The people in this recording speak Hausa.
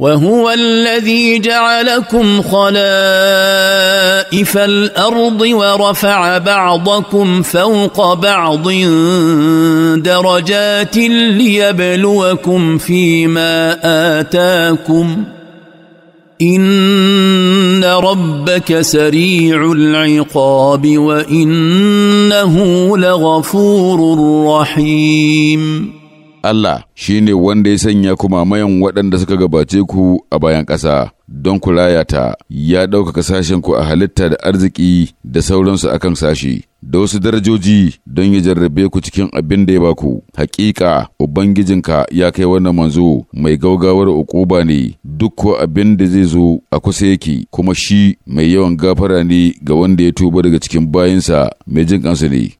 وهو الذي جعلكم خلائف الارض ورفع بعضكم فوق بعض درجات ليبلوكم فيما اتاكم ان ربك سريع العقاب وانه لغفور رحيم Allah shi ne wanda ya sanya kuma mamayan waɗanda suka gabace ku a bayan ƙasa don ku raya ta, ya ɗaukaka sashen ku a halitta da arziki da sauransu akan sashi, da wasu darajoji don ya jarrabe ku cikin abin da ya baku. Hakika, Ubangijinka ya kai wannan manzo mai gaugawar ukuba ne, duk ko abin da zai zo a kusa yake, kuma shi mai yawan gafara ne ga wanda ya tuba daga cikin bayinsa mai jin kansu ne.